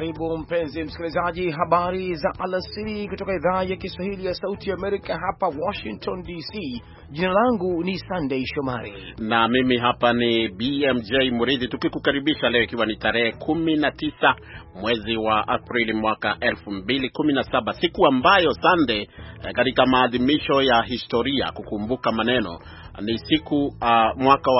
Karibu mpenzi msikilizaji, habari za alasiri kutoka idhaa ya Kiswahili ya Sauti ya Amerika hapa Washington DC. Jina langu ni Sandey Shomari na mimi hapa ni BMJ Muridhi, tukikukaribisha leo, ikiwa ni tarehe 19 mwezi wa Aprili mwaka 2017, siku ambayo sande eh, katika maadhimisho ya historia kukumbuka maneno, ni siku uh, mwaka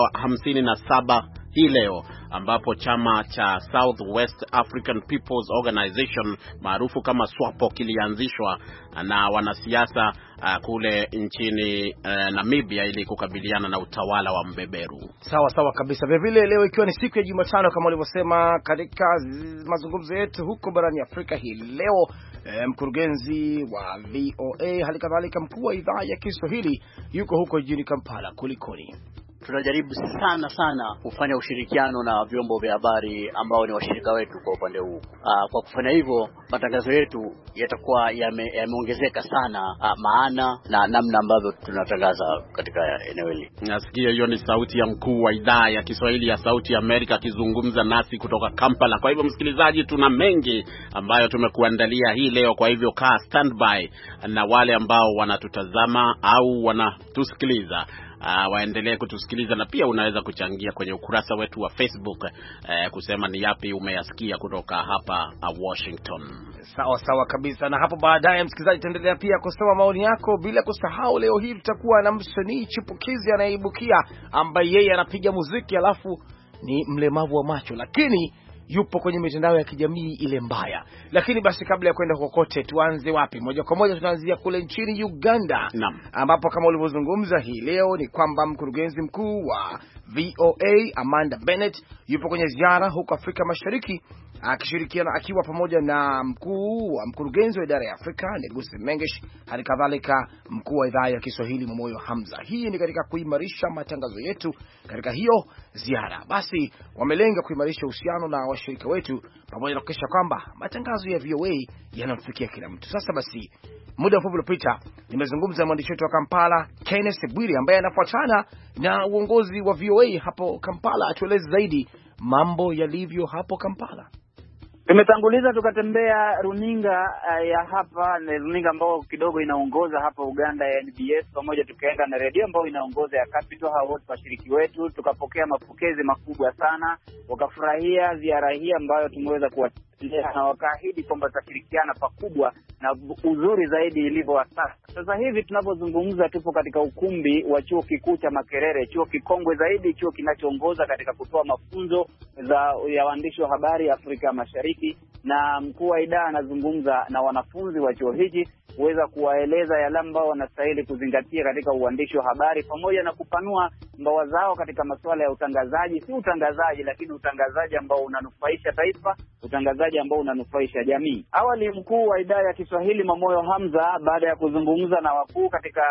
wa 57 hii leo ambapo chama cha Southwest African Peoples Organization maarufu kama SWAPO kilianzishwa na wanasiasa uh, kule nchini uh, Namibia ili kukabiliana na utawala wa mbeberu. Sawa sawa kabisa. Vilevile leo ikiwa ni siku ya Jumatano kama ulivyosema katika mazungumzo yetu huko barani Afrika hii leo eh, mkurugenzi wa VOA hali kadhalika mkuu wa idhaa ya Kiswahili yuko huko jijini Kampala. Kulikoni? tunajaribu sana sana kufanya ushirikiano na vyombo vya habari ambao ni washirika wetu kwa upande huu. Ah, kwa kufanya hivyo, matangazo yetu yatakuwa yameongezeka yame sana a, ah, maana na namna ambavyo tunatangaza katika eneo hili. Nasikia hiyo ni sauti ya mkuu wa idhaa ya Kiswahili ya Sauti ya Amerika akizungumza nasi kutoka Kampala. Kwa hivyo, msikilizaji, tuna mengi ambayo tumekuandalia hii leo, kwa hivyo kaa standby na wale ambao wanatutazama au wanatusikiliza uh, waendelee kutusikiliza, na pia unaweza kuchangia kwenye ukurasa wetu wa Facebook uh, kusema ni yapi umeyasikia kutoka hapa uh, Washington. Sawa sawa kabisa, na hapo baadaye, msikilizaji, tutaendelea pia kusoma maoni yako, bila kusahau, leo hii tutakuwa na msanii chipukizi anayeibukia ambaye yeye anapiga muziki alafu ni mlemavu wa macho lakini yupo kwenye mitandao ya kijamii ile mbaya. Lakini basi kabla ya kwenda kokote, tuanze wapi? Moja kwa moja tunaanzia kule nchini Uganda, ambapo kama ulivyozungumza hii leo ni kwamba mkurugenzi mkuu wa VOA Amanda Bennett yupo kwenye ziara huko Afrika Mashariki akishirikiana akiwa pamoja na mkuu wa mkurugenzi wa idara ya Afrika Negusi Mengesh, hali kadhalika mkuu wa idhaa ya Kiswahili Momoyo Hamza. Hii ni katika kuimarisha matangazo yetu katika hiyo ziara. Basi wamelenga kuimarisha uhusiano na washirika wetu pamoja na kuhakikisha kwamba matangazo ya VOA yanamfikia kila mtu. Sasa basi, muda mfupi uliopita nimezungumza na mwandishi wetu wa Kampala Kenneth Bwiri ambaye anafuatana na uongozi wa VOA hapo Kampala, atueleze zaidi mambo yalivyo hapo Kampala. Tumetanguliza tukatembea runinga uh, ya hapa na runinga ambao kidogo inaongoza hapa Uganda ya NBS, pamoja tukaenda na redio ambao inaongoza ya Capital. Hao wote washiriki wetu tukapokea mapokezi makubwa sana, wakafurahia ziara hii ambayo tumeweza kuwa na wakaahidi kwamba tashirikiana pakubwa na uzuri zaidi ilivyo wa sasa. Sasa hivi tunavyozungumza, tupo katika ukumbi wa chuo kikuu cha Makerere, chuo kikongwe zaidi, chuo kinachoongoza katika kutoa mafunzo za ya waandishi wa habari Afrika Mashariki, na mkuu wa idaa anazungumza na wanafunzi wa chuo hiki kuweza kuwaeleza yale ambao wanastahili kuzingatia katika uandishi wa habari pamoja na kupanua mbawa zao katika masuala ya utangazaji, si utangazaji lakini utangazaji ambao unanufaisha taifa, utangazaji uwekezaji ambao unanufaisha jamii. Awali mkuu wa idara ya Kiswahili Mamoyo Hamza, baada ya kuzungumza na wakuu katika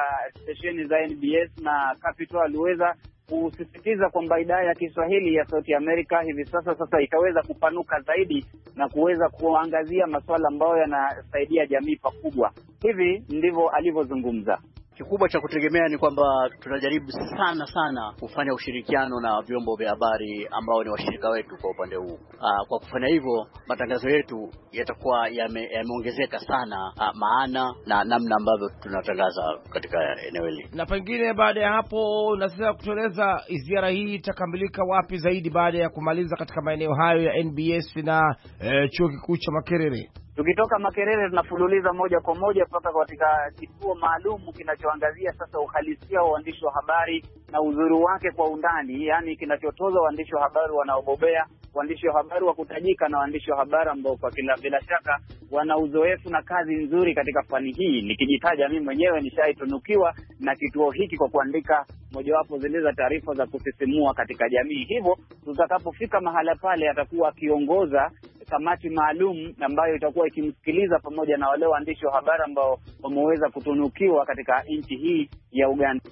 stesheni za NBS na Capital, aliweza kusisitiza kwamba idara ya Kiswahili ya Sauti Amerika hivi sasa sasa itaweza kupanuka zaidi na kuweza kuangazia masuala ambayo yanasaidia jamii pakubwa. Hivi ndivyo alivyozungumza. Kikubwa cha kutegemea ni kwamba tunajaribu sana sana kufanya ushirikiano na vyombo vya habari ambao ni washirika wetu kwa upande huu. Aa, ah, kwa kufanya hivyo matangazo yetu yatakuwa yameongezeka yame sana aa, ah, maana na namna ambavyo tunatangaza katika eneo hili. Na pengine baada ya hapo, na sasa kutueleza ziara hii itakamilika wapi zaidi baada ya kumaliza katika maeneo hayo ya NBS na eh, chuo kikuu cha Makerere? Tukitoka Makerere tunafululiza moja kwa moja mpaka katika kituo maalum kinachoangazia sasa uhalisia wa waandishi wa habari na uzuri wake kwa undani, yaani kinachotoza waandishi wa habari wanaobobea, waandishi wa habari wa kutajika na waandishi wa habari ambao kwa kila bila shaka wana uzoefu na kazi nzuri katika fani hii. Nikijitaja mimi mwenyewe nishaitunukiwa na kituo hiki kwa kuandika mojawapo zile za taarifa za kusisimua katika jamii. Hivyo tutakapofika mahala pale, atakuwa akiongoza kamati maalum ambayo itakuwa ikimsikiliza pamoja na wale waandishi wa habari ambao wameweza kutunukiwa katika nchi hii ya Uganda.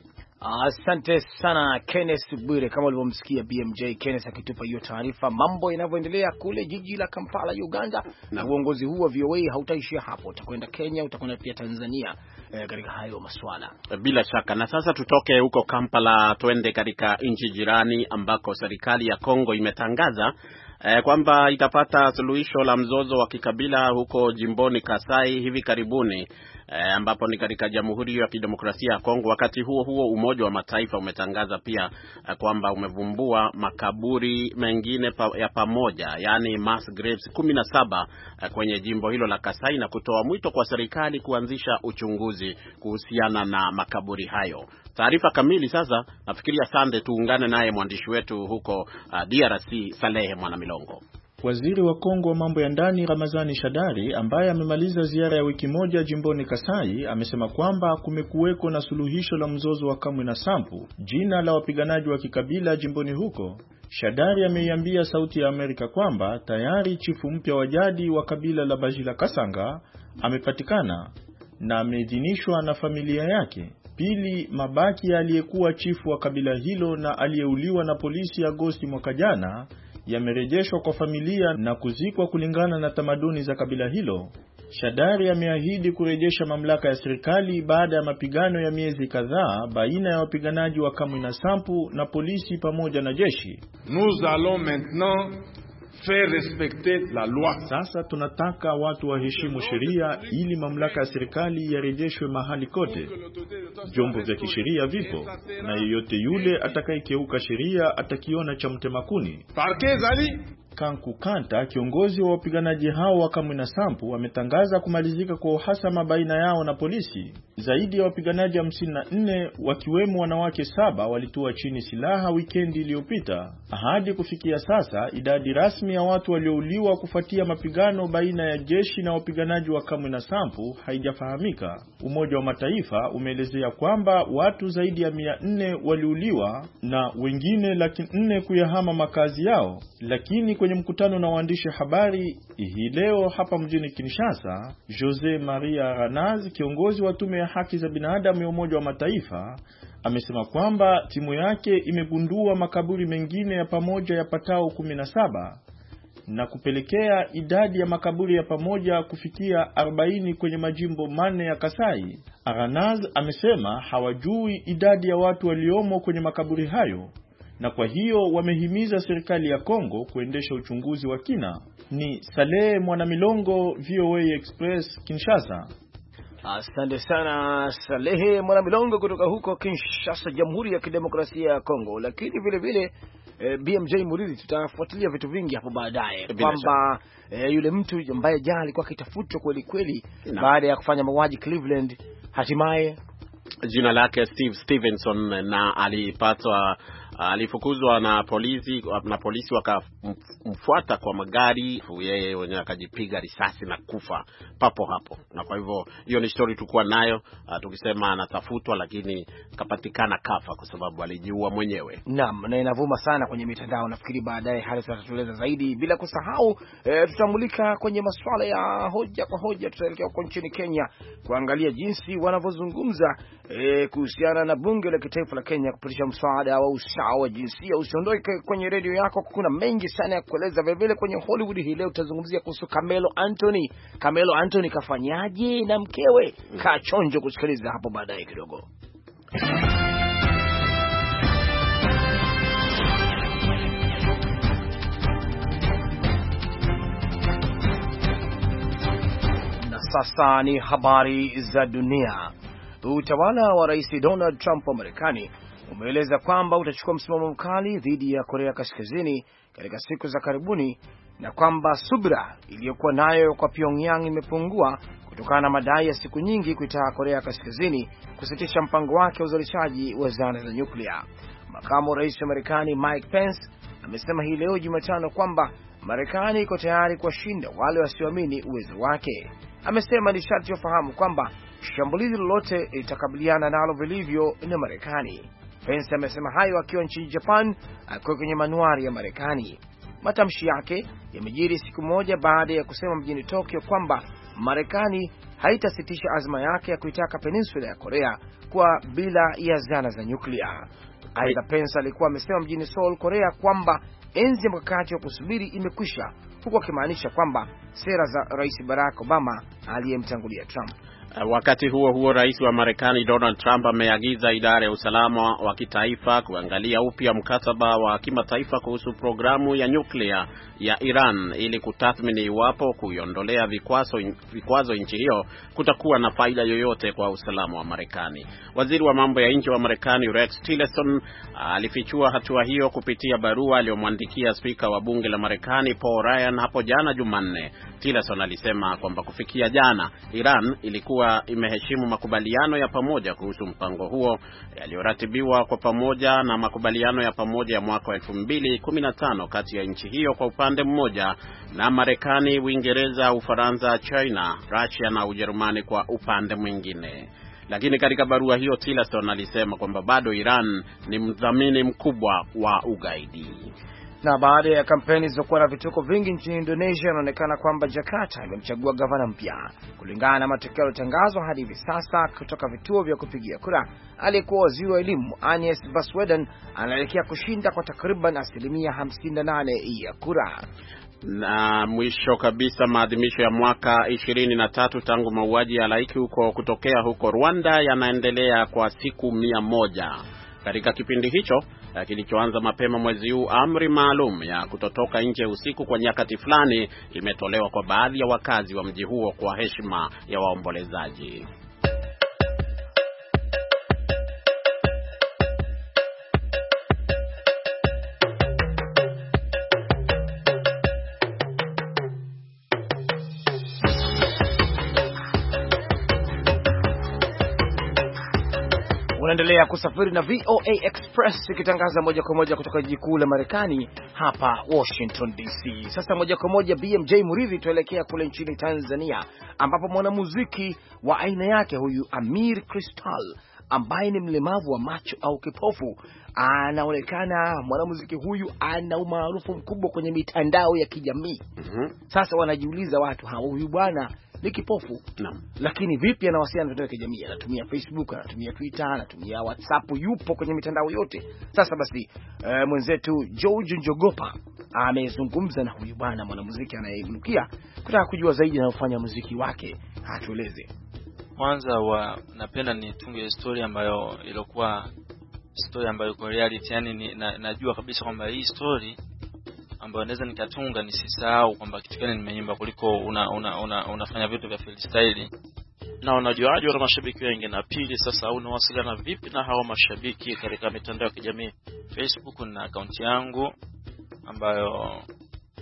Asante sana Kenneth Bwire, kama ulivyomsikia BMJ Kenneth akitupa hiyo taarifa, mambo yanavyoendelea kule jiji la Kampala, Uganda. Na uongozi huu wa VOA hautaishia hapo, utakwenda Kenya, utakwenda pia Tanzania eh, katika hayo maswala bila shaka. Na sasa tutoke huko Kampala, twende katika nchi jirani ambako serikali ya Kongo imetangaza eh, kwamba itapata suluhisho la mzozo wa kikabila huko jimboni Kasai hivi karibuni e, ambapo ni katika Jamhuri ya Kidemokrasia ya Kongo. Wakati huo huo, Umoja wa Mataifa umetangaza pia eh, kwamba umevumbua makaburi mengine pa, ya pamoja yani mass graves 17 eh, kwenye jimbo hilo la Kasai na kutoa mwito kwa serikali kuanzisha uchunguzi kuhusiana na makaburi hayo. Taarifa kamili sasa, nafikiria Sande, tuungane naye mwandishi wetu huko uh, DRC Salehe Mwanamilongo. Waziri wa Kongo wa mambo ya ndani Ramazani Shadari ambaye amemaliza ziara ya wiki moja jimboni Kasai amesema kwamba kumekuweko na suluhisho la mzozo wa Kamwe na Sampu, jina la wapiganaji wa kikabila jimboni huko. Shadari ameiambia Sauti ya Amerika kwamba tayari chifu mpya wa jadi wa kabila la Bajila Kasanga amepatikana na ameidhinishwa na familia yake. Pili, mabaki aliyekuwa chifu wa kabila hilo na aliyeuliwa na polisi Agosti mwaka jana yamerejeshwa kwa familia na kuzikwa kulingana na tamaduni za kabila hilo. Shadari ameahidi kurejesha mamlaka ya serikali baada ya mapigano ya miezi kadhaa baina ya wapiganaji wa na sampu na polisi pamoja na jeshi. Nous allons maintenant faire respecter la loi. Sasa tunataka watu waheshimu sheria ili mamlaka ya serikali yarejeshwe mahali kote vyombo vya kisheria vipo, na yeyote yule atakayekeuka sheria atakiona cha mtemakuni. Kanku Kanta, kiongozi wa wapiganaji hao wa Kamwina Sampu, ametangaza kumalizika kwa uhasama baina yao na polisi. Zaidi ya wapiganaji 54 wakiwemo wanawake saba walitua chini silaha wikendi iliyopita. Hadi kufikia sasa, idadi rasmi ya watu waliouliwa kufuatia mapigano baina ya jeshi na wapiganaji wa Kamwina Sampu haijafahamika. Umoja wa Mataifa umeelezea kwamba watu zaidi ya 400 waliuliwa na wengine laki nne kuyahama makazi yao, lakini kwenye mkutano na waandishi habari hii leo hapa mjini Kinshasa, Jose Maria Ranaz, kiongozi wa tume ya haki za binadamu ya Umoja wa Mataifa, amesema kwamba timu yake imegundua makaburi mengine ya pamoja ya patao 17 na kupelekea idadi ya makaburi ya pamoja kufikia 40 kwenye majimbo manne ya Kasai. Aranaz amesema hawajui idadi ya watu waliomo kwenye makaburi hayo na kwa hiyo wamehimiza serikali ya Kongo kuendesha uchunguzi wa kina. Ni Saleh Mwanamilongo, VOA Express, Kinshasa. Asante sana Salehe Mwanamilongo kutoka huko Kinshasa, Jamhuri ya Kidemokrasia ya Kongo. Lakini vile vile e, eh, BMJ Muridhi, tutafuatilia vitu vingi hapo baadaye eh, kwamba e, yule mtu ambaye jana alikuwa akitafutwa kweli kweli baada ya kufanya mauaji Cleveland, hatimaye jina lake Steve Stevenson na alipatwa alifukuzwa na polisi na polisi wakamfuata kwa magari, yeye mwenyewe akajipiga risasi na kufa papo hapo. Na kwa hivyo hiyo ni stori tulikuwa nayo a, ah, tukisema anatafutwa, lakini kapatikana kafa kwa sababu alijiua mwenyewe. Naam, na inavuma sana kwenye mitandao. Nafikiri baadaye Haris atatueleza zaidi, bila kusahau e, eh, tutamulika kwenye masuala ya hoja kwa hoja. Tutaelekea huko nchini Kenya kuangalia jinsi wanavyozungumza e, kuhusiana na bunge la kitaifa la Kenya kupitisha mswada wa usawa au wa jinsia. Usiondoke kwenye redio yako, kuna mengi sana ya kueleza. Vilevile kwenye Hollywood hii leo tutazungumzia kuhusu Camelo Anthony. Camelo Anthony kafanyaje na mkewe? Mm. Kaa chonjo kusikiliza hapo baadaye kidogo. Sasa ni habari za dunia. Utawala wa Rais Donald Trump wa Marekani umeeleza kwamba utachukua msimamo mkali dhidi ya Korea Kaskazini katika siku za karibuni na kwamba subra iliyokuwa nayo kwa Pyongyang imepungua kutokana na madai ya siku nyingi kuitaka Korea Kaskazini kusitisha mpango wake wa uzalishaji wa zana za nyuklia. Makamu rais wa Marekani Mike Pence amesema hii leo Jumatano kwamba Marekani iko tayari kuwashinda wale wasioamini uwezo wake. Amesema ni sharti wafahamu kwamba shambulizi lolote litakabiliana nalo vilivyo na Marekani. Pence amesema hayo akiwa nchini Japan, akiwa kwenye manuari ya Marekani. Matamshi yake yamejiri siku moja baada ya kusema mjini Tokyo kwamba Marekani haitasitisha azma yake ya kuitaka peninsula ya Korea kuwa bila ya zana za nyuklia. Aidha, Pence alikuwa amesema mjini Seoul, Korea, kwamba enzi ya mkakati wa kusubiri imekwisha, huku akimaanisha kwamba sera za Rais Barack Obama aliyemtangulia Trump Uh, wakati huo huo, rais wa Marekani Donald Trump ameagiza idara ya usalama wa kitaifa kuangalia upya mkataba wa kimataifa kuhusu programu ya nyuklia ya Iran ili kutathmini iwapo kuiondolea vikwazo, vikwazo nchi hiyo kutakuwa na faida yoyote kwa usalama wa Marekani. Waziri wa mambo ya nje wa Marekani Rex Tillerson alifichua hatua hiyo kupitia barua aliyomwandikia spika wa bunge la Marekani Paul Ryan hapo jana Jumanne. Tillerson alisema kwamba kufikia jana Iran ilikuwa kuwa imeheshimu makubaliano ya pamoja kuhusu mpango huo yaliyoratibiwa kwa pamoja na makubaliano ya pamoja ya mwaka wa 2015 kati ya nchi hiyo kwa upande mmoja na Marekani, Uingereza, Ufaransa, China, Russia na Ujerumani kwa upande mwingine. Lakini katika barua hiyo Tillerson alisema kwamba bado Iran ni mdhamini mkubwa wa ugaidi. Na baada ya kampeni zilizokuwa na vituko vingi nchini Indonesia, inaonekana kwamba Jakarta imemchagua gavana mpya kulingana na matokeo yaliyotangazwa hadi hivi sasa kutoka vituo vya kupigia kura. Aliyekuwa waziri wa elimu Anies Baswedan anaelekea kushinda kwa takriban asilimia 58 ya kura. Na mwisho kabisa, maadhimisho ya mwaka 23 tangu mauaji ya halaiki huko kutokea huko Rwanda yanaendelea kwa siku mia moja. Katika kipindi hicho kilichoanza mapema mwezi huu, amri maalum ya kutotoka nje usiku kwa nyakati fulani imetolewa kwa baadhi ya wakazi wa mji huo kwa heshima ya waombolezaji. Unaendelea kusafiri na VOA Express ikitangaza moja kwa moja kutoka jiji kuu la Marekani hapa Washington DC. Sasa moja kwa moja BMJ Muridhi, tuelekea kule nchini Tanzania ambapo mwanamuziki wa aina yake huyu Amir Crystal ambaye ni mlemavu wa macho au kipofu anaonekana mwanamuziki huyu ana umaarufu mkubwa kwenye mitandao ya kijamii. Mm -hmm. Sasa wanajiuliza watu hawa, huyu bwana ni kipofu naam. Lakini vipi anawasiliana na mitandao ya kijamii? Anatumia Facebook, anatumia Twitter, anatumia WhatsApp, yupo kwenye mitandao yote. Sasa basi, uh, mwenzetu George Njogopa amezungumza na huyu bwana mwanamuziki anayeinukia kutaka kujua zaidi anayofanya muziki wake, atueleze kwanza. Wa napenda nitunge story ambayo ilikuwa story ambayo iko reality, yani ni, na, najua kabisa kwamba hii story ambayo naweza nikatunga nisisahau kwamba kitu gani nimeimba kuliko una, una, una, unafanya vitu vya freestyle na unajuaje wana mashabiki wengi? Na pili sasa, unawasiliana vipi na hawa mashabiki katika mitandao ya kijamii? Facebook na akaunti yangu ambayo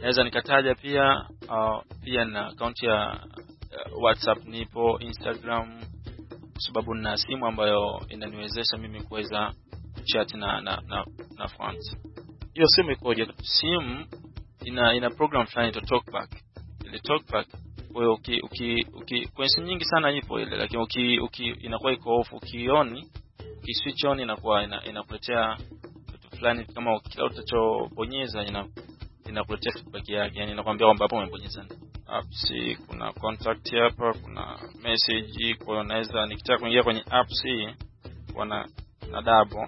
naweza nikataja pia uh, pia na akaunti ya uh, WhatsApp nipo, Instagram, kwa sababu na simu ambayo inaniwezesha mimi kuweza chat na na, na, na fans hiyo simu ikoje? Simu ina ina program fulani to TalkBack, ile TalkBack wewe uki, uki, uki kwenye simu nyingi sana ipo ile, lakini uki, uki inakuwa iko off, ukioni uki switch on inakuwa ina, inakuletea kitu fulani kama kila utachobonyeza ina inakuletea feedback yake, yani inakwambia kwamba hapo umebonyeza apps. Kuna contact hapa, kuna message. Kwa hiyo naweza nikitaka kuingia kwenye apps hii, wana na double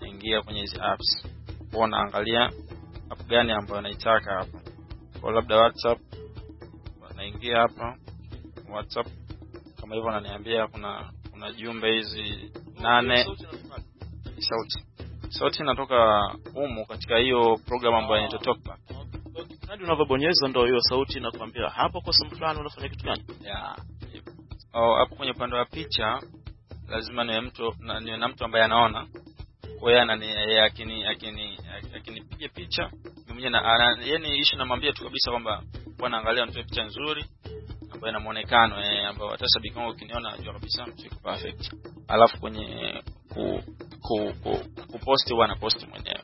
naingia kwenye hizi apps kuwa naangalia app gani ambayo naitaka hapa. Kwa labda WhatsApp, wanaingia hapa WhatsApp kama hivyo, ananiambia kuna kuna jumbe hizi nane sauti sauti inatoka humu katika hiyo program ambayo inaitwa TalkBack. Hadi unavyobonyeza ndio hiyo sauti inakwambia hapo kwa simu fulani unafanya kitu gani? Yeah. Oh, Au hapo kwenye upande wa picha lazima niwe mtu niwe na mtu ambaye anaona kwa eh, akini akini akinipiga picha mmoja na yani issue namwambia tu kabisa kwamba bwana, angalia nitoe picha nzuri ambayo ina muonekano eh, ambao hata shabiki wangu ukiniona kabisa mtu perfect. Alafu kwenye ku ku, ku, ku post huwa anaposti mwenyewe.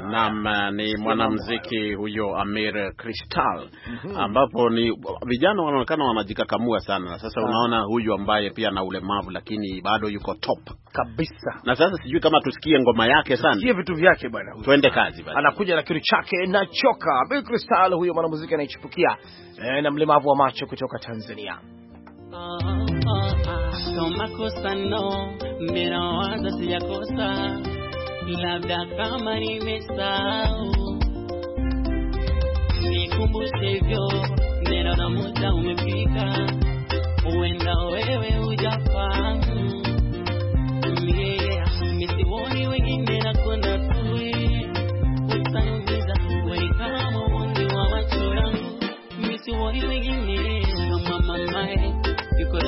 Naam, eh, ni mwanamuziki huyo Amir Crystal, mhm. ambapo ni vijana wanaonekana wanajikakamua sana na sasa. Ah. Unaona huyu ambaye pia ana ulemavu lakini bado yuko top kabisa, na sasa sijui kama tusikie ngoma yake sana, sikie vitu vyake bwana, twende kazi basi. Anakuja na kitu chake na choka. Amir Crystal huyo mwanamuziki anaichipukia e, eh, na mlemavu wa macho kutoka Tanzania. Oh, ah, oh, ah, oh. makosa no, labda kama nimesahau, nikumbushevyo nena na muda umefika, huenda wewe hujafahamu. Yeah, misiwoni wengine nakwenda tui wa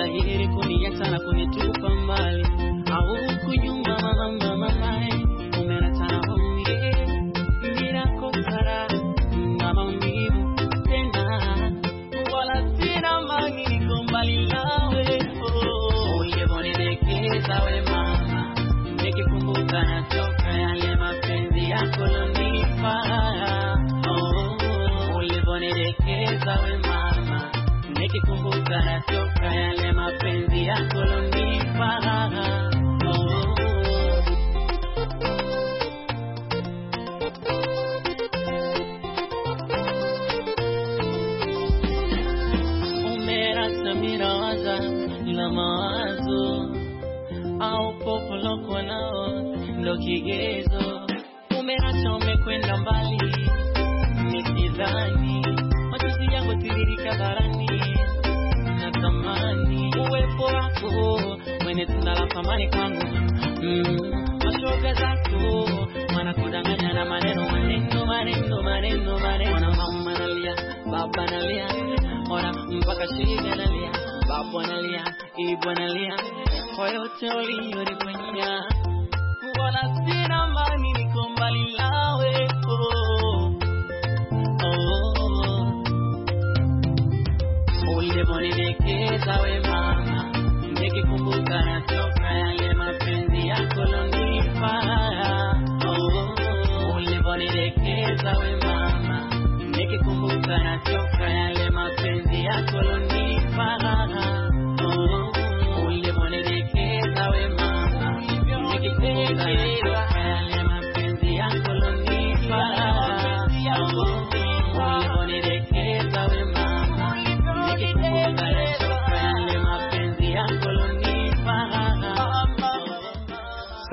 misiwoni kuniacha na kunitupa mbali au kunyuma kigezo, umeacha umekwenda mbali, nikidhani machozi yangu tiririka barani, natamani uwepo wako mwenye tunda la thamani kwangu, mm, mashoga zako wanakudanganya na maneno maneno maneno maneno maneno, wana mama nalia, baba nalia, ora mpaka shida nalia, babu analia, ibu analia, kwa yote uliyonifanyia mbona sina amani, niko mbali nawe oh. oh. we mama, nikikumbuka na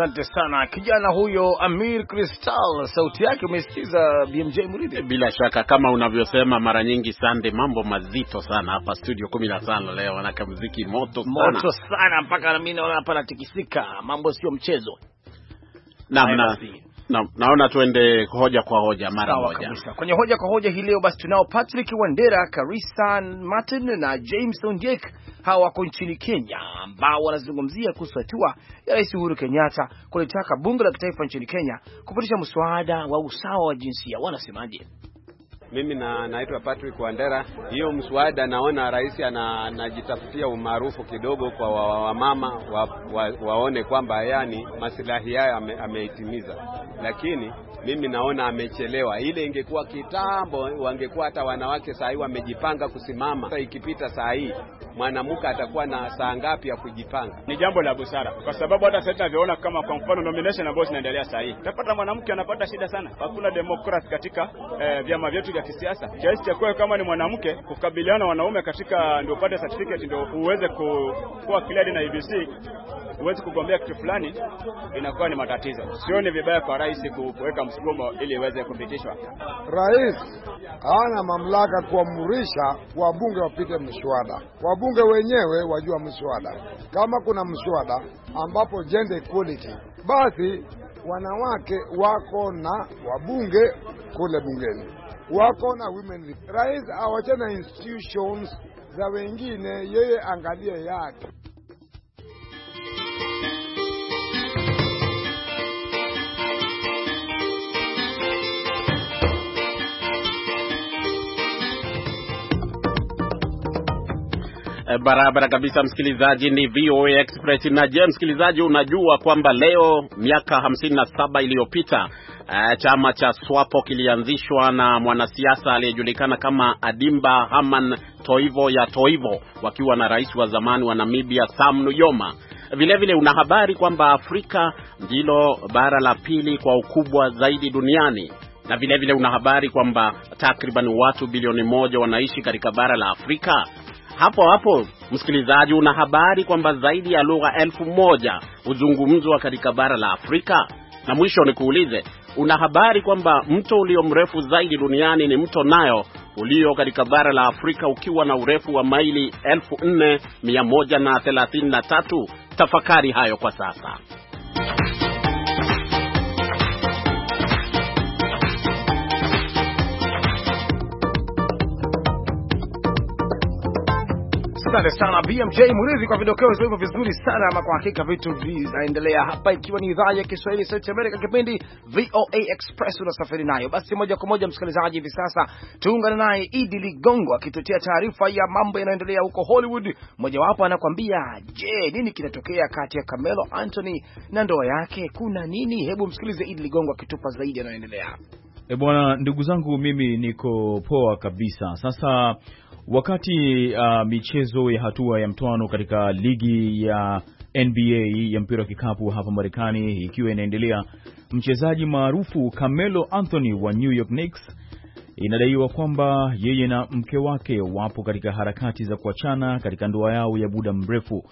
Asante sana kijana huyo Amir Crystal, sauti yake umesikiza BMJ Mridhi. Bila shaka kama unavyosema mara nyingi, Sande, mambo mazito sana hapa studio 15 leo, anake muziki moto sana, moto sana mpaka mimi naona hapa natikisika, mambo sio mchezo. Namna na, naona tuende hoja kwa hoja mara moja Kwenye hoja kwa hoja hii leo basi tunao Patrick Wandera, Karisa Martin na James Ondiek, hawa wako nchini Kenya ambao wanazungumzia kuhusu hatua ya Rais Uhuru Kenyatta kulitaka bunge la kitaifa nchini Kenya kupitisha mswada wa usawa wa jinsia. Wanasemaje? Mimi na naitwa Patrick Wandera. Hiyo mswada naona rais anajitafutia umaarufu kidogo kwa wamama wa, wa, wa, waone kwamba yani masilahi yayo ameitimiza, lakini mimi naona amechelewa. Ile ingekuwa kitambo, wangekuwa hata wanawake saa hii wamejipanga kusimama. Sasa ikipita saa hii, mwanamke atakuwa na saa ngapi ya kujipanga? Ni jambo la busara, kwa sababu hata sasa tunavyoona kama kwa mfano nomination ambayo zinaendelea saa hii, utapata mwanamke anapata shida sana, hakuna demokrasi katika eh, vyama vyetu vya kisiasa kiasi cha kuwa kama ni mwanamke kukabiliana wanaume katika ndio upate certificate ndio uweze kuwa cleared na IEBC uweze kugombea kitu fulani, inakuwa ni matatizo. Sioni vibaya kwa rais kuweka msukumo ili iweze kupitishwa. Rais hana mamlaka kuamrisha wabunge wapite mswada, wabunge wenyewe wajua mswada. Kama kuna mswada ambapo gender equality, basi wanawake wako na wabunge kule bungeni wako na women. Rais awache na institutions za wengine, yeye angalie yake. Eh, barabara kabisa, msikilizaji. Ni VOA Express. Na je, msikilizaji, unajua kwamba leo miaka 57 iliyopita uh, chama cha SWAPO kilianzishwa na mwanasiasa aliyejulikana kama Adimba Haman Toivo ya Toivo, wakiwa na rais wa zamani wa Namibia Sam Nujoma. Vilevile una habari kwamba Afrika ndilo bara la pili kwa ukubwa zaidi duniani na vilevile una habari kwamba takriban watu bilioni moja wanaishi katika bara la Afrika hapo hapo msikilizaji, una habari kwamba zaidi ya lugha elfu moja huzungumzwa katika bara la Afrika. Na mwisho nikuulize, una habari kwamba mto ulio mrefu zaidi duniani ni mto Nayo ulio katika bara la Afrika ukiwa na urefu wa maili 4133. Tafakari hayo kwa sasa. Asante sana BMJ Murithi kwa vidokezo hivyo vizuri sana. Ama kwa hakika vitu vinaendelea hapa, ikiwa ni idhaa ya Kiswahili Sauti Amerika, kipindi VOA Express unasafiri nayo. Basi moja kwa moja, msikilizaji, hivi sasa tuungane naye Idi Ligongo akitutia taarifa ya mambo yanayoendelea huko Hollywood. Mojawapo anakwambia, je, nini kinatokea kati ya Camelo Anthony na ndoa yake? Kuna nini? Hebu msikilize Idi Ligongo akitupa zaidi yanayoendelea. E bwana, ndugu zangu, mimi niko poa kabisa. Sasa Wakati uh, michezo ya hatua ya mtwano katika ligi ya NBA ya mpira wa kikapu hapa Marekani ikiwa inaendelea, mchezaji maarufu camelo Anthony wa New York nix inadaiwa kwamba yeye na mke wake wapo katika harakati za kuachana katika ndoa yao ya muda mrefu.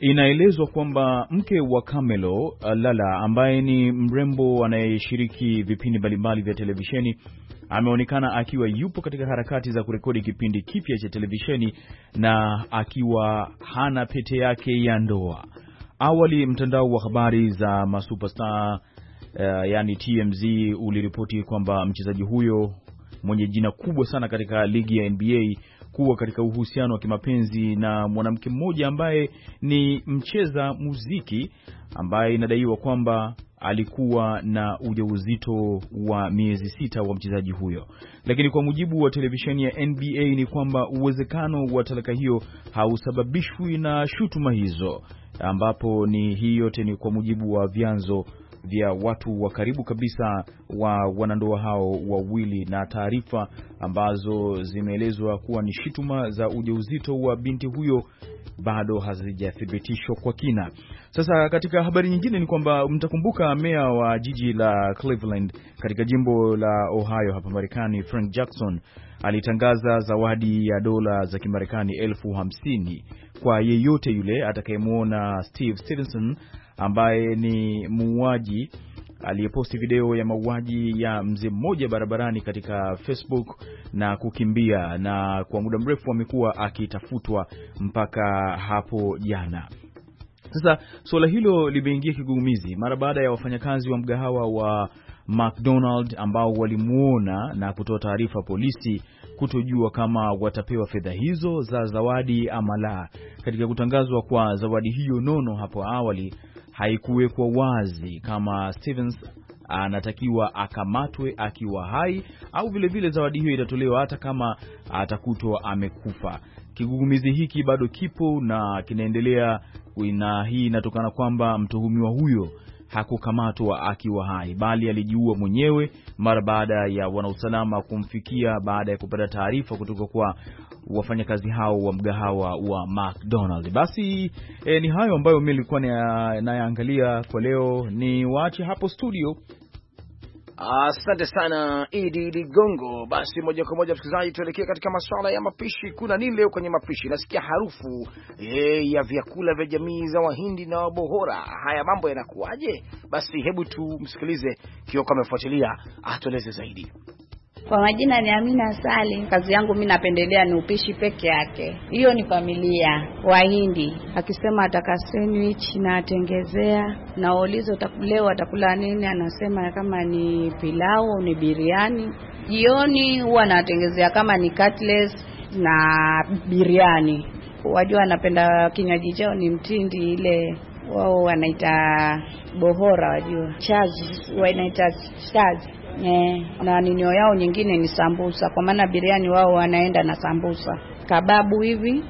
Inaelezwa kwamba mke wa camelo uh, Lala, ambaye ni mrembo anayeshiriki vipindi mbalimbali vya televisheni ameonekana akiwa yupo katika harakati za kurekodi kipindi kipya cha televisheni na akiwa hana pete yake ya ndoa. Awali mtandao wa habari za masuperstar uh, yani TMZ uliripoti kwamba mchezaji huyo mwenye jina kubwa sana katika ligi ya NBA kuwa katika uhusiano wa kimapenzi na mwanamke mmoja ambaye ni mcheza muziki ambaye inadaiwa kwamba alikuwa na ujauzito wa miezi sita wa mchezaji huyo, lakini kwa mujibu wa televisheni ya NBA ni kwamba uwezekano wa talaka hiyo hausababishwi na shutuma hizo, ambapo ni hii yote ni kwa mujibu wa vyanzo vya watu wa karibu kabisa wa wanandoa hao wawili, na taarifa ambazo zimeelezwa kuwa ni shutuma za ujauzito wa binti huyo bado hazijathibitishwa kwa kina. Sasa katika habari nyingine ni kwamba mtakumbuka meya wa jiji la Cleveland katika jimbo la Ohio hapa Marekani, Frank Jackson alitangaza zawadi ya dola za Kimarekani elfu hamsini kwa yeyote yule atakayemwona Steve Stevenson ambaye ni muuaji aliyeposti video ya mauaji ya mzee mmoja barabarani katika Facebook na kukimbia, na kwa muda mrefu amekuwa akitafutwa mpaka hapo jana. Sasa suala hilo limeingia kigugumizi mara baada ya wafanyakazi wa mgahawa wa McDonald ambao walimwona na kutoa taarifa polisi kutojua kama watapewa fedha hizo za zawadi ama la. Katika kutangazwa kwa zawadi hiyo nono hapo awali, haikuwekwa wazi kama Stevens anatakiwa akamatwe akiwa hai au vilevile zawadi hiyo itatolewa hata kama atakutwa amekufa. Kigugumizi hiki bado kipo na kinaendelea, na hii inatokana kwamba mtuhumiwa huyo hakukamatwa akiwa hai, bali alijiua mwenyewe mara baada ya wanausalama kumfikia baada ya kupata taarifa kutoka kwa wafanyakazi hao wa mgahawa wa McDonald. Basi e, ni hayo ambayo mi nilikuwa nayaangalia kwa leo, ni waache hapo studio Asante sana Idi Ligongo. Basi moja kwa moja msikilizaji, tuelekee katika masuala ya mapishi. Kuna nini leo kwenye mapishi? Nasikia harufu e, ya vyakula vya jamii za Wahindi na Wabohora. Haya mambo yanakuwaje? Basi hebu tumsikilize Kioko, amefuatilia atueleze zaidi. Kwa majina ni Amina Sali. Kazi yangu mi napendelea ni upishi peke yake. Hiyo ni familia Wahindi, akisema ataka sandwich na atengezea, na waulizo leo atakula nini, anasema kama ni pilau ni biriani. Jioni huwa anatengezea kama ni cutlets na biriani. Wajua anapenda kinywaji chao ni mtindi ile wao wanaita bohora, wajua chazi wanaita chazi eh, na ninio yao nyingine ni sambusa, kwa maana biriani wao wanaenda na sambusa, kababu hivi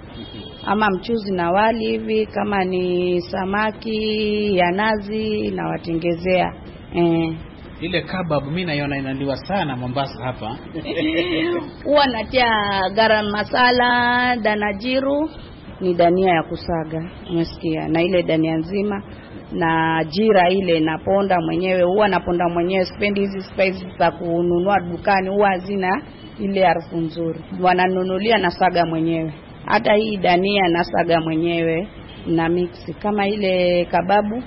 ama mchuzi na wali hivi, kama ni samaki ya nazi na watengezea eh. Ile kababu mimi naiona inaliwa sana Mombasa hapa huwa natia garam masala, danajiru, ni dania ya kusaga, umesikia, na ile dania nzima na jira ile naponda mwenyewe, huwa naponda mwenyewe. Sipendi hizi spices za kununua dukani, huwa hazina ile harufu nzuri. Wananunulia nasaga mwenyewe, hata hii dania nasaga mwenyewe na mix. Kama ile kababu,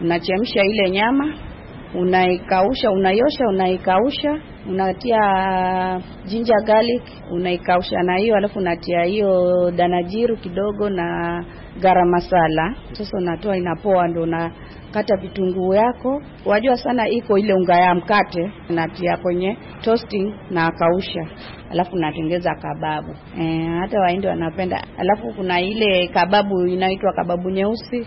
nachemsha ile nyama unaikausha, unaiosha, unaikausha, unatia ginger garlic, unaikausha na hiyo alafu unatia hiyo danajiru kidogo na garam masala. Sasa unatoa inapoa, ndo unakata vitunguu yako. Wajua sana iko ile unga ya mkate, unatia kwenye toasting na akausha, alafu unatengeza kababu e, hata waindi wanapenda. Alafu kuna ile kababu inaitwa kababu nyeusi.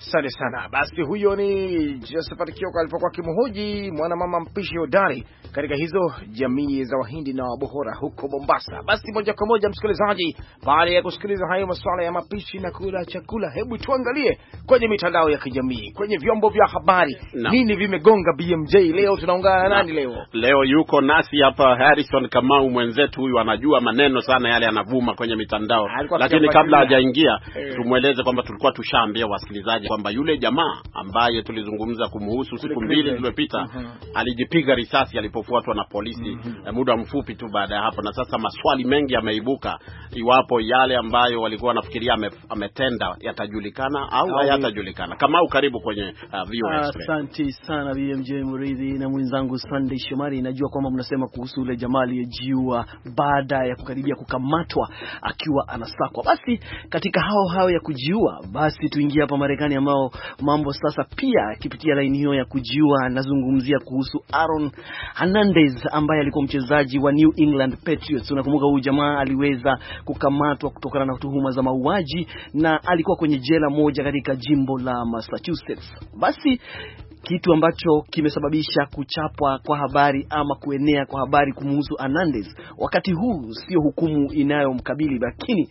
Asante sana. Basi huyo ni Josephat Kioko alipokuwa kimhoji mwanamama mpishi hodari katika hizo jamii za Wahindi na Wabohora huko Mombasa. Basi moja kwa moja, msikilizaji, baada ya kusikiliza hayo masuala ya mapishi na kula chakula, hebu tuangalie kwenye mitandao ya kijamii, kwenye vyombo vya habari na nini vimegonga. BMJ, leo tunaungana na nani? Leo leo yuko nasi hapa Harrison Kamau, mwenzetu huyu anajua maneno sana yale yanavuma kwenye mitandao, lakini kabla hajaingia eh. tumweleze kwamba tulikuwa tushaambia wasikilizaji kwamba yule jamaa ambaye tulizungumza kumhusu siku mbili zilizopita mhm. alijipiga risasi alipofuatwa na polisi mm -hmm. muda mfupi tu baada ya hapo, na sasa maswali mengi yameibuka iwapo yale ambayo walikuwa wanafikiria ametenda yatajulikana au hayatajulikana. au karibu kwenye uh, asante sana BMJ Muridhi na mwenzangu Sunday Shomari. Najua kwamba mnasema kuhusu yule jamaa aliyejiua baada ya kukaribia kukamatwa akiwa anasakwa. Basi katika hao hao ya kujiua, basi tuingie hapa Marekani ambayo mambo sasa pia akipitia laini hiyo ya kujiua, anazungumzia kuhusu Aaron Hernandez ambaye alikuwa mchezaji wa New England Patriots. Unakumbuka huyu jamaa aliweza kukamatwa kutokana na tuhuma za mauaji na alikuwa kwenye jela moja katika jimbo la Massachusetts. Basi kitu ambacho kimesababisha kuchapwa kwa habari ama kuenea kwa habari kumuhusu Hernandez wakati huu sio hukumu inayomkabili, lakini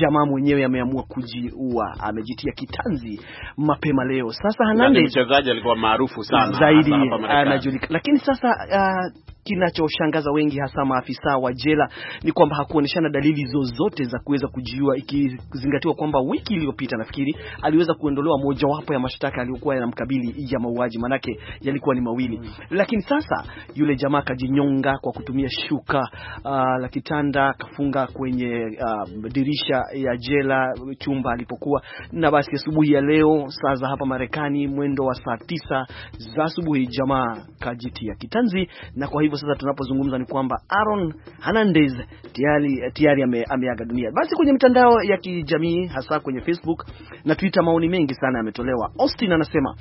jamaa mwenyewe ameamua kujiua, amejitia kitanzi mapema leo. Sasa Hernandez mchezaji alikuwa maarufu sana zaidi anajulikana, lakini sasa uh, kinachoshangaza wengi hasa maafisa wa jela ni kwamba hakuoneshana dalili zozote za kuweza kujiua, ikizingatiwa kwamba wiki iliyopita nafikiri aliweza kuondolewa mojawapo ya mashtaka aliyokuwa yanamkabili ya mauaji, manake yalikuwa ni mawili mm. Lakini sasa yule jamaa kajinyonga kwa kutumia shuka uh, la kitanda kafunga kwenye uh, dirisha ya jela chumba alipokuwa, na basi asubuhi ya leo saa za hapa Marekani mwendo wa saa tisa za asubuhi jamaa kajitia kitanzi na kwa hivyo sababu sasa tunapozungumza ni kwamba Aaron Hernandez tayari tayari ame, ameaga dunia. Basi kwenye mitandao ya kijamii hasa kwenye Facebook na Twitter maoni mengi sana yametolewa. Austin anasema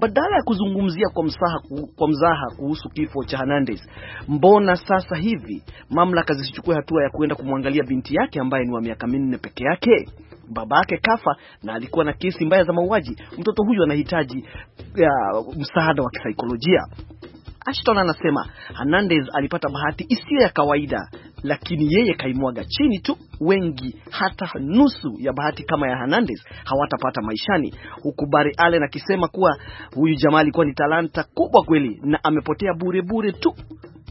badala ya kuzungumzia kwa msaha, kwa mzaha kuhusu kifo cha Hernandez, mbona sasa hivi mamlaka zisichukue hatua ya kuenda kumwangalia binti yake ambaye ni wa miaka minne peke yake? Babake kafa na alikuwa na kesi mbaya za mauaji. Mtoto huyu anahitaji msaada wa kisaikolojia. Ashton anasema Hernandez alipata bahati isiyo ya kawaida, lakini yeye kaimwaga chini tu. Wengi hata nusu ya bahati kama ya Hernandez hawatapata maishani, huku Barry Allen akisema kuwa huyu jamaa alikuwa ni talanta kubwa kweli na amepotea bure bure tu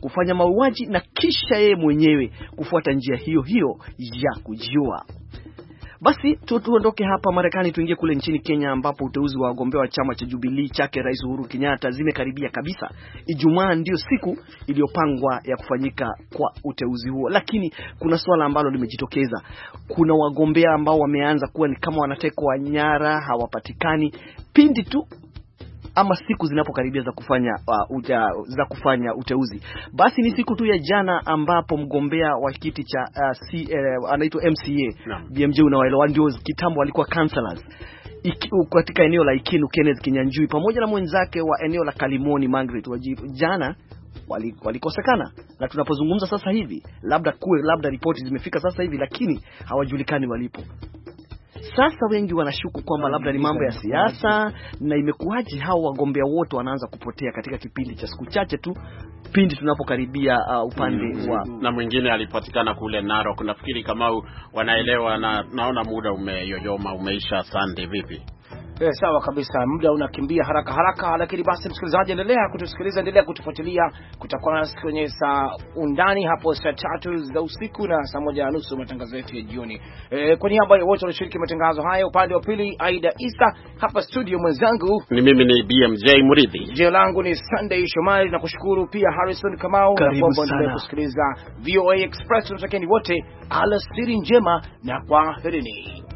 kufanya mauaji na kisha yeye mwenyewe kufuata njia hiyo hiyo ya kujiua. Basi tuondoke hapa Marekani, tuingie kule nchini Kenya, ambapo uteuzi wa wagombea wa chama cha Jubilii chake Rais Uhuru Kenyatta zimekaribia kabisa. Ijumaa ndiyo siku iliyopangwa ya kufanyika kwa uteuzi huo, lakini kuna suala ambalo limejitokeza. Kuna wagombea ambao wameanza kuwa ni kama wanatekwa nyara, hawapatikani pindi tu ama siku zinapokaribia za kufanya uh, uja, za kufanya uteuzi, basi ni siku tu ya jana ambapo mgombea wa kiti cha uh, C, uh, anaitwa MCA na BMJ unawaelewa, ndio kitambo alikuwa councillors uh, katika eneo la Ikinu Kenneth Kinyanjui pamoja na mwenzake wa eneo la Kalimoni Margaret Wajibu jana walikosekana wali na tunapozungumza sasa hivi, labda kuwe labda ripoti zimefika sasa hivi, lakini hawajulikani walipo. Sasa wengi wanashuku kwamba labda ni mambo ya siasa, na imekuwaje hao wagombea wote wanaanza kupotea katika kipindi cha siku chache tu pindi tunapokaribia uh, upande mm, wa na mwingine alipatikana kule Narok. Nafikiri Kamau wanaelewa na naona muda umeyoyoma umeisha. Sande, vipi? E, sawa kabisa, muda unakimbia haraka haraka, lakini basi msikilizaji, endelea kutusikiliza, endelea kutufuatilia. Kutakuwa nasi kwenye saa undani hapo saa tatu za usiku na saa moja na nusu matangazo yetu ya jioni. E, kwa niaba ya wote walioshiriki matangazo haya, upande wa pili Aida Isa, hapa studio mwenzangu ni mimi ni BMJ Muridhi, jina langu ni Sunday Shomari na kushukuru pia Harrison Kamau na kwamba endelea kusikiliza VOA Express. Tunatakieni wote alasiri njema na kwaherini.